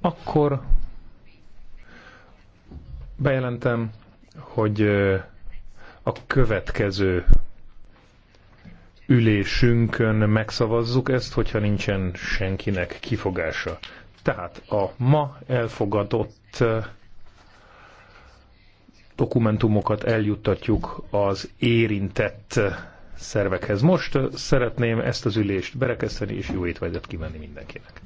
Akkor bejelentem, hogy a következő ülésünkön megszavazzuk ezt, hogyha nincsen senkinek kifogása. Tehát a ma elfogadott dokumentumokat eljuttatjuk az érintett szervekhez. Most szeretném ezt az ülést berekeszteni, és jó étvágyat kívánni mindenkinek.